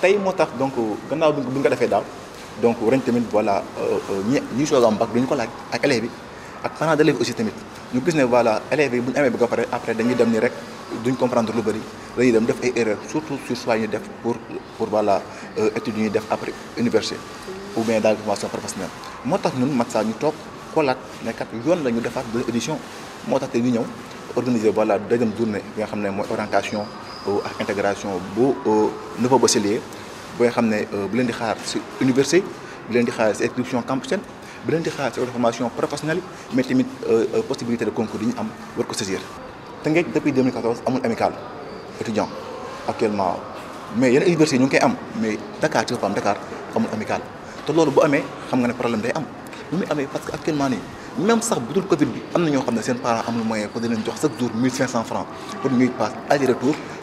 tay motax donc gannaaw bi ñu ko defee daaw donc ren tamit voilà euh, euh, ñi ñi am bac duñ ko laaj ak élèves bi ak parents d'élèves aussi tamit ñu gis ne voilà élèves yi bu ñu amee ba pare après dañuy dem ni rek duñ comprendre lu bari dañuy dem def ay erreurs surtout sur choix ñu def pour pour voilà euh, étude yi ñuy def après université ou bien daal formation professionnelle motax ñun Matsa ñu ko xoolaat ne kat yoon lañu ñu defaat benn édition motax té ñu ñëw organiser voilà deuxième journée nga xamné moy orientation ak intégration bu nouveau bachelier booy xam ne euh, bu leen di xaar si université bu leen di xaar si inscription campusienne bu leen di xaar si formation professionnelle mais tamit euh, euh, possibilité de concours yi ñu am war ko saisir. Tëngéej depuis 2014 amul amical étudiant actuellement mais yenn université ñu ngi am mais Dakar ci boppam Dakar amul amical té lolu bu amé xam nga ne problème day am lu amé parce que actuellement nii. même sax budul Covid bi amna ñoo xamné ne seen parents amul moyen ko di leen jox chaque jour 1500 francs pour ñuy passe aller retour